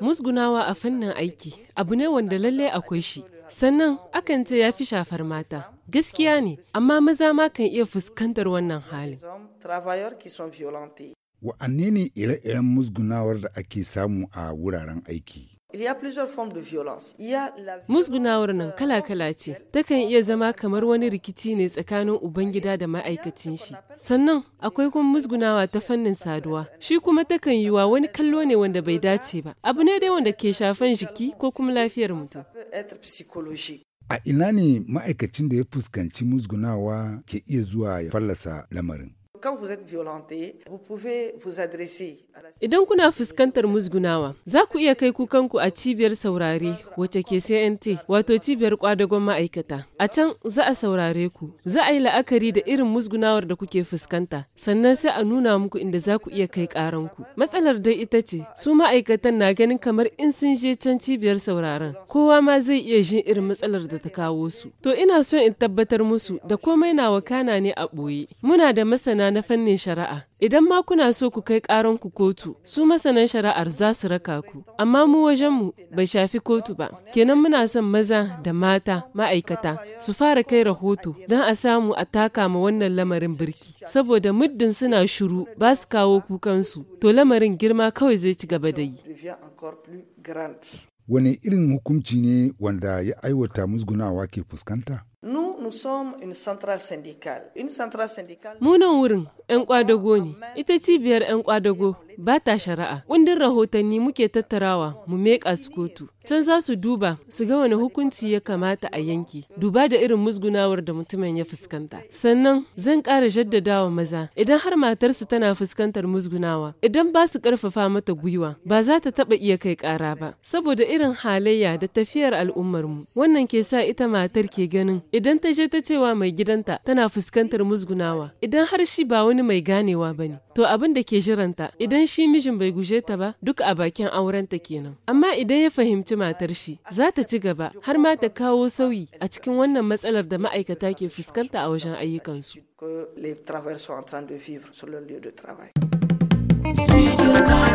Musgunawa a fannin aiki abu ne wanda lallai akwai shi, sannan akan ce ya fi shafar mata. Gaskiya ne, amma maza ma kan iya fuskantar wannan hali. Wa'anne ne ire-iren musgunawar da ake samu a wuraren aiki? Musgunawar nan euh, kala-kala ce, takan iya zama kamar wani rikici ne tsakanin Ubangida da ma'aikacin shi. Sannan akwai kuma musgunawa ta fannin saduwa, shi kuma takan yiwa wani kallo ne wanda bai dace ba, abu ne dai wanda ke shafan jiki ko kuma lafiyar mutum. A ina ne ma'aikacin da ya fuskanci musgunawa ke iya zuwa ya fallasa lamarin? Idan kuna fuskantar musgunawa, za ku iya kai kukanku a cibiyar saurare wacce ke CNT, wato cibiyar kwadagon ma'aikata. A can za a saurare ku, za a yi la'akari da irin musgunawar da kuke fuskanta, sannan sai a nuna muku inda za ku iya kai karanku. Matsalar dai ita ce, su ma'aikatan na ganin kamar in sun je can cibiyar sauraren, kowa ma zai iya jin irin matsalar da ta kawo su. To ina son in tabbatar musu da komai na wakana ne a ɓoye. Muna da masana na fannin shari'a. Idan ma kuna so ku kai ku kotu, su masanan shari'ar za su raka ku. Amma mu wajenmu bai shafi kotu ba. Kenan muna son maza da mata ma'aikata su fara kai rahoto don a samu a taka ma wannan lamarin birki. Saboda muddin suna shiru ba su kawo kukansu, to lamarin girma kawai zai ci gaba da yi. wani irin hukunci ne wanda ya aiwata musgunawa ke fuskanta? munan wurin 'yan kwadago ne, ita cibiyar 'yan kwadago ba ta shari'a kundin rahotanni muke tattarawa mu meƙa su kotu can za su duba su ga wani hukunci ya kamata a yanki duba da irin musgunawar da mutumin ya fuskanta sannan zan ƙara jaddadawa maza idan har matarsu tana fuskantar musgunawa idan ba su ƙarfafa mata gwiwa ba za ta taɓa iya kai ƙara ba saboda irin halayya da tafiyar al'ummarmu wannan ke sa ita matar ke ganin idan ta je ta cewa mai gidanta tana fuskantar musgunawa idan har shi ba wani mai ganewa ba ne To abin da ke jiranta idan shi mijin bai guje ta ba duk a bakin aurenta kenan. Amma idan ya fahimci matar shi za ta ci gaba har ma ta kawo sauyi a cikin wannan matsalar da ma'aikata ke fuskanta a wajen ayyukansu. Studio